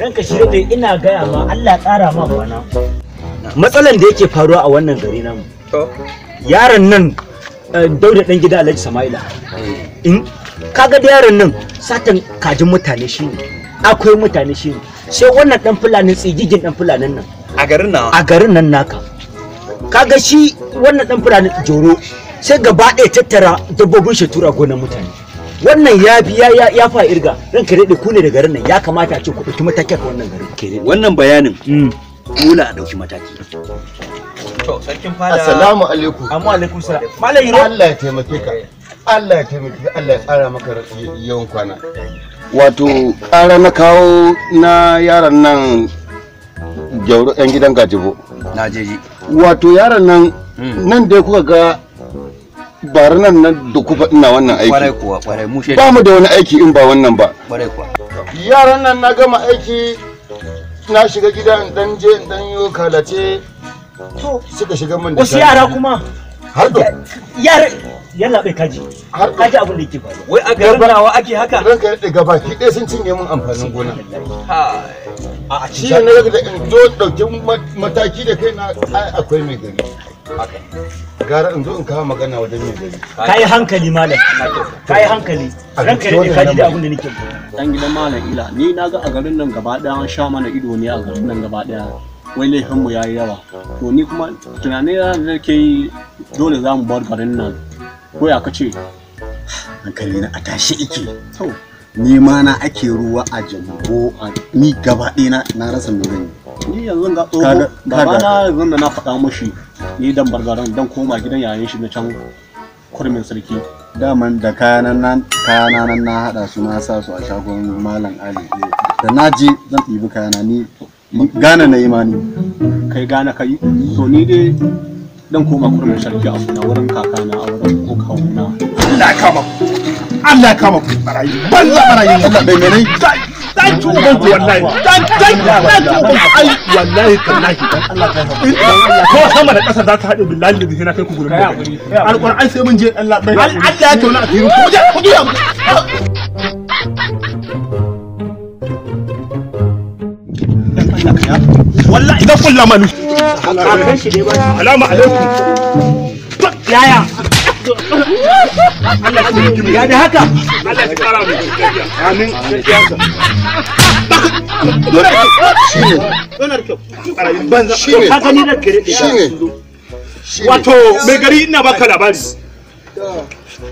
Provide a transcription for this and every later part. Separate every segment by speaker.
Speaker 1: ranka shi dai ina gaya ma Allah ƙara ma kwana matsalan da yake faruwa a wannan gari namu yaron nan eh, dauda dan gida Alhaji Sama'ila in kaga da yaron nan satan kajin mutane shi ne akwai mutane shi ne sai wannan dan fulani tsigigin dan fulanin nan a garin nan a garin nan naka kaga shi wannan dan fulani joro sai gaba ɗaya tattara dabbobin shi tura mutane wannan ya fi ya ya fa irga ran ka daɗe ku ne da garin nan ya kamata a ce ku ɗauki mataki a wannan garin ke wannan bayanin dole mm. a ɗauki mataki to sarkin fada assalamu alaikum amma alaikum salam malam yiro Allah ya taimake ka Allah ya taimake ka Allah ya tsara maka yawan kwana wato ƙara na kawo na yaran nan jauro yan gidan gajibo na wato yaran nan mm. nan dai kuka ga bari nan nan da kufa ina wannan aiki kwarai kuwa kwarai mu ba mu da wani aiki in ba wannan ba kwarai kuwa yaran nan na gama aiki na shiga gida in dan je in dan yo kalace to suka shiga min da wasu yara kuma har da yara yalla bai kaji har kaji abin da yake ba wai a garin nawa ake haka ranka ya daga baki ɗaya sun cinye mun amfanin gona a ci ne na daga da in do dauke mataki da kai na akwai mai gari gara in zo in kawo magana wajen mai gari kai hankali malam kai hankali ranka ne ka ji da abin da nake
Speaker 2: dan gidan malam ila ni na ga a garin nan gaba daya sha mana ido ne a garin nan gaba daya wai laifinmu ya yi yawa to ni kuma tunanin da nake yi dole za mu bar garin nan ko ya kace hankali na a tashi ike ma na ake ruwa a jambo a ni gaba ɗaya na rasa mai gani ni yanzu ga tsoho gaba na yanzu da na faɗa mashi ni dan bargaran dan koma gidan yayin shi na can kurmin sarki daman da kayanan nan kayana nan na haɗa su na sa su a shagon malam ali da na je zan ɗibi kayana ni gana na yi ma ni kai gana kai To ni dai dan koma kurmin sarki a wurin kakana a wurin kokawuna kawuna Allah kama Allah ya kama ku barayi banza barayi ku da menene dan ci uban ku wallahi dan dan dan ci uban ai wallahi tallahi ko sama da kasa za ta haɗe billahi da zina kai ku gurin alquran sai mun je Allah bai Allah ya tauna asirin ku je ku je wallahi idan kullu manu alama alaikum yaya wato mai gari ina baka labari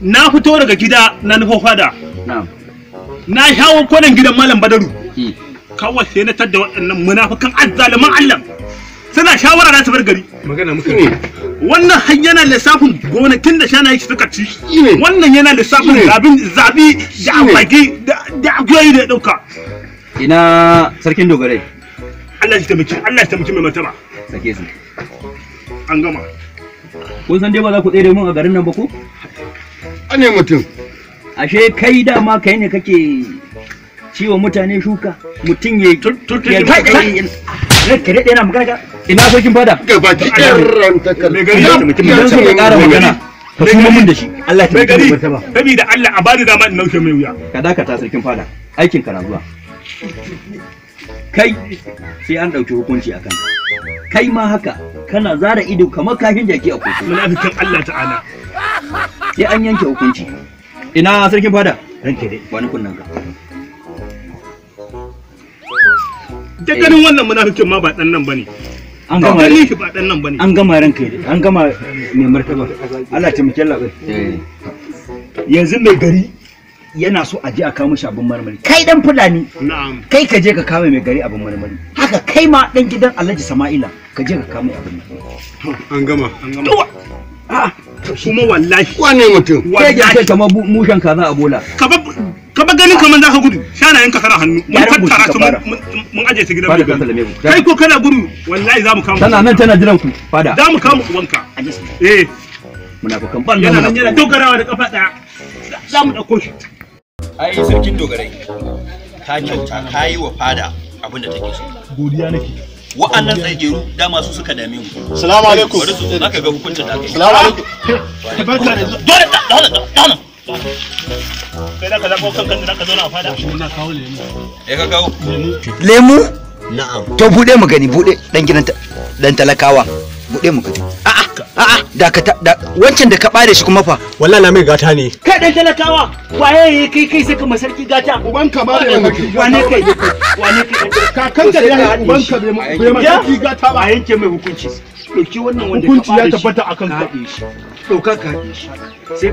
Speaker 2: na fito daga gida na nufo fada na shawo kwanan gidan malam badaru hmm. kawai sai na tadda waɗannan munafukan azzaliman allah suna shawara na su bar gari magana ne wannan har yana lissafin gonakin da shanaye suka ci wannan yana lissafin zabin zabi da agwagi da agoyi da dauka ina sarkin dogarai Allah ya taimaki Allah ya taimaki mai martaba sake su an gama
Speaker 1: kun san dai ba za ku tsere mun a garin nan ba ko ane mutum ashe kai dama kai ne kake ciwo mutane shuka mutum ya ina sarkin fada ƙara magana
Speaker 2: ka mun da shi gari Allah a bani dama ka dakata sarkin fada aikin kai
Speaker 1: sai an ɗauki hukunci a kan kai ma haka kana zara ido kamar kafin jaki a kotu munafikin Allah ta'ala sai an yanke hukunci ina sarkin fada ranke dai wani kunnan ka
Speaker 2: ke ganin wannan munafikin ma ba dan nan bane
Speaker 1: an gama ganin shi ba dan nan bane an gama ranka ne an gama mai martaba Allah ta muke labai yanzu mai gari yana so a je a kawo mishi abin marmari kai dan fulani kai ka je ka kawo mai gari abin marmari haka kai ma dan gidan Alhaji Sama'ila ka je ka kawo abin an gama an gama
Speaker 2: kuma wallahi wane mutum wallahi kai kamar mushan kaza a bola ka ba ganin kamar zaka gudu kana yanka sana hannu mun tattara su mun aje su gidan bai kai ko kana gudu wallahi za mu kama tana nan tana jiran ku fada zamu mu kama wanka eh munafukan ban yana nan yana dogarawa da kafa daya zamu dauko shi
Speaker 1: ai sarkin dogarai ka kyauta ka yi wa fada abin da take so
Speaker 2: godiya nake wa'annan tsageru dama su suka dame mu salamu alaikum bari su zaka ga hukuncin da kai salamu alaikum barka da zuwa dole da dole da da ka ka a lemu.
Speaker 1: To buɗe mu gani buɗe ɗan gidan talakawa. Buɗe mu gani. A'a a'a da wancan da ka bare shi kuma fa. Wallahi na mai gata ne.
Speaker 2: Kai ɗan talakawa waye kai kai saka masarki gata. Uban ka ba Wane kai? Wane kai? Kakan da uban ka bai masarki gata ba. A yanke mai hukunci. ɗauki wannan wanda hukunci ya tabbata a kan ka ɗauka ka shi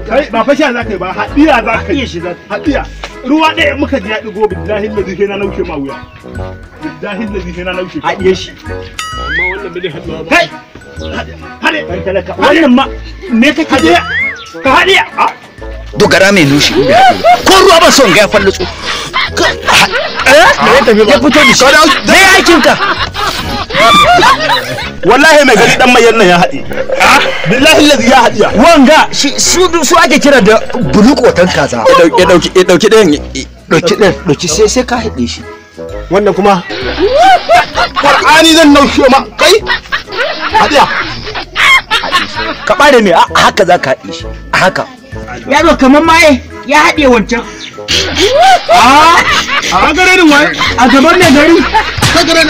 Speaker 2: sai ba fasha za ka yi ba haɗiya za ka yi haɗiya ruwa ɗaya muka ji ya ɗigo billahi lazi sai na nauke ma wuya billahi lazi sai na nauke shi amma wannan bai haɗuwa ba kai haɗe
Speaker 1: wannan ma me kake ka haɗiya ah. dogara mai
Speaker 2: ko ruwa ba son ga ya fallutsu eh? ah. ya fito da shi ne aikinka wallahi mai gari dan mai yannan ya haɗe ah? billahi lazi ya haɗiya wanga su su ake kira da bulukotan kaza ya
Speaker 1: dauki ya dauki ɗayan dauki ɗayan dauki sai sai ka haɗe shi wannan kuma
Speaker 2: qur'ani zan naushe ma kai haɗiya
Speaker 1: ka bare ne a haka za ka haɗe shi a haka zo kaman maye ya haɗe wancan
Speaker 2: ah, a a garin wai a gaban ne gari ka garin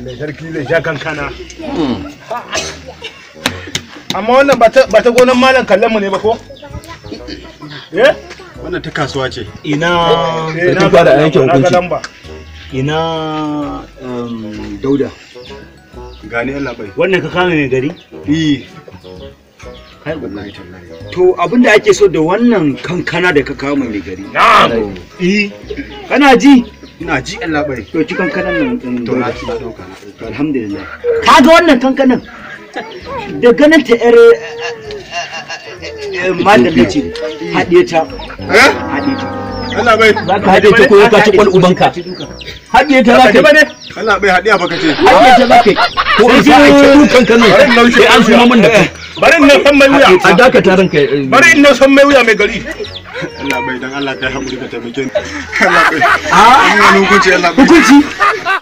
Speaker 2: Allah sarki zai sha kankana hmm. amma wannan ba ta gonan malam kallon ne ba ko eh? wannan ta kasuwa ce ina eh, ina ba da hukunci ina
Speaker 1: um, dauda gani Allah bai wannan ka kame mai gari eh kai wallahi da ake so da wannan kankana da ka kama mai gari na'am eh kana ji ina ji Allah bai to ci kankanan nan eh, to na ci dauka na alhamdulillah kaga wannan kankanan da ganin ta yar eh, eh, madalla ce haɗe ta haɗe ta Allah bai za ka haɗe ta koyo ka ci kwal ubanka
Speaker 2: haɗe ta ka Allah bai ce haɗe ta ba ka ko in sa dukan kanan sai an suma da bari in san mai wuya a dakata ranka bari in san mai wuya mai gari Allah bai dan Allah kai hakuri ka taimake ni. Allah bai. Ah, hukunci Allah bai.
Speaker 1: Hukunci.